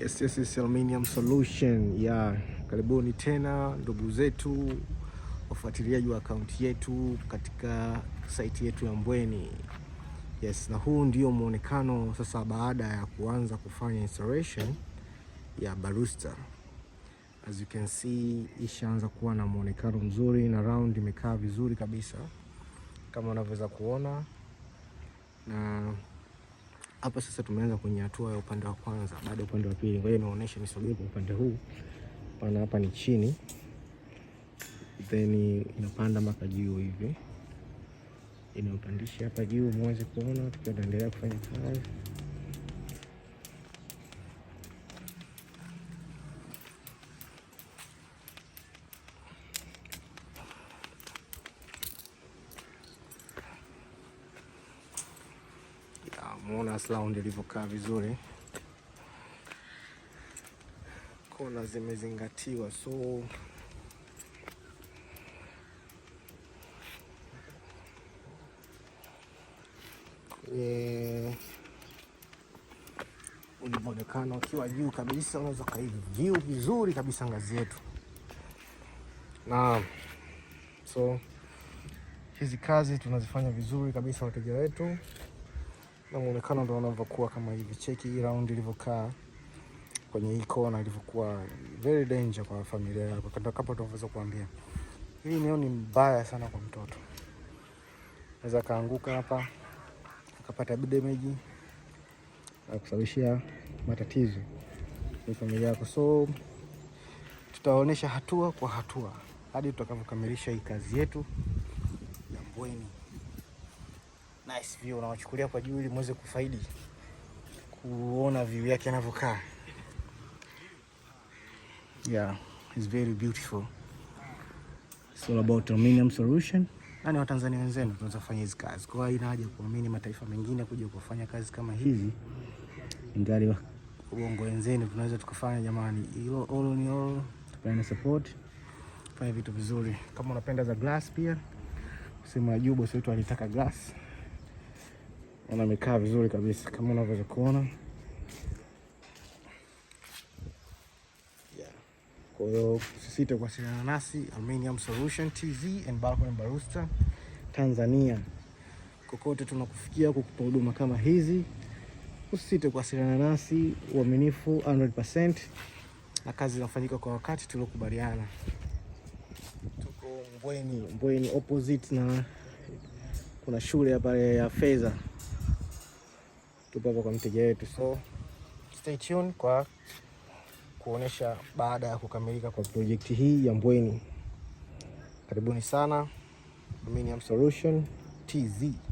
Yes, yes, yes, Aluminium Solution ya yeah. Karibuni tena ndugu zetu wafuatiliaji wa akaunti yetu katika saiti yetu ya Mbweni. Yes, na huu ndio muonekano sasa baada ya kuanza kufanya installation ya barusta As you can see, ishaanza kuwa na muonekano mzuri na round imekaa vizuri kabisa kama unavyoweza kuona na hapa sasa tumeanza kwenye hatua ya upande wa kwanza, baada upande wa pili. Ngoja nionyeshe, nisogee kwa upande huu pana. Hapa ni chini, then inapanda mpaka juu hivi, inaupandisha hapa juu, muweze kuona tukiwa kufanya kazi. Umeona surround ilivyokaa vizuri, kona zimezingatiwa, so kwenye ulivyoonekana ukiwa juu kabisa, unaweza ukaiview vizuri kabisa ngazi yetu. na so hizi kazi tunazifanya vizuri kabisa wateja wetu na muonekano ndio unavyokuwa kama hivi. Cheki hii round ilivyokaa kwenye hii kona ilivyokuwa very danger kwa familia yako, kama kapo tunaweza kuambia. Hii eneo ni mbaya sana kwa mtoto, naweza kaanguka hapa akapata damage na kusababishia matatizo kwa familia yako. So tutaonyesha hatua kwa hatua hadi tutakavyokamilisha hii kazi yetu Mbweni. Nice view unawachukulia kwa juu ili muweze kufaidi kuona view yake anavyokaa. Yeah, it's very beautiful. It's all about aluminum solution. Na Watanzania wenzenu tunaweza kufanya hizi kazi. Kwa hiyo ina haja kuamini mataifa mengine kuja kufanya kazi kama hizi. Ingali uongo wenzenu tunaweza tukafanya jamani. Hilo all ni all. tupeane support. Fanya vitu vizuri. Kama unapenda za glass pia. Sema Juba sio tu alitaka glass na mikaa vizuri kabisa kama unavyoweza kuona. Kwa hiyo sisite kuwasiliana nasi Aluminium Solution TZ and Balcony Barusta Tanzania, kokote tunakufikia kukupa huduma kama hizi. Usisite kuwasiliana nasi, uaminifu 100% na kazi zinafanyika kwa wakati tuliokubaliana. Tuko Mbweni, Mbweni opposite na kuna shule ya pale ya Fedha tupo hapa kwa mteja wetu, so stay tuned kwa kuonesha baada ya kukamilika kwa projekti hii ya Mbweni. Karibuni sana Dominium Solution TZ.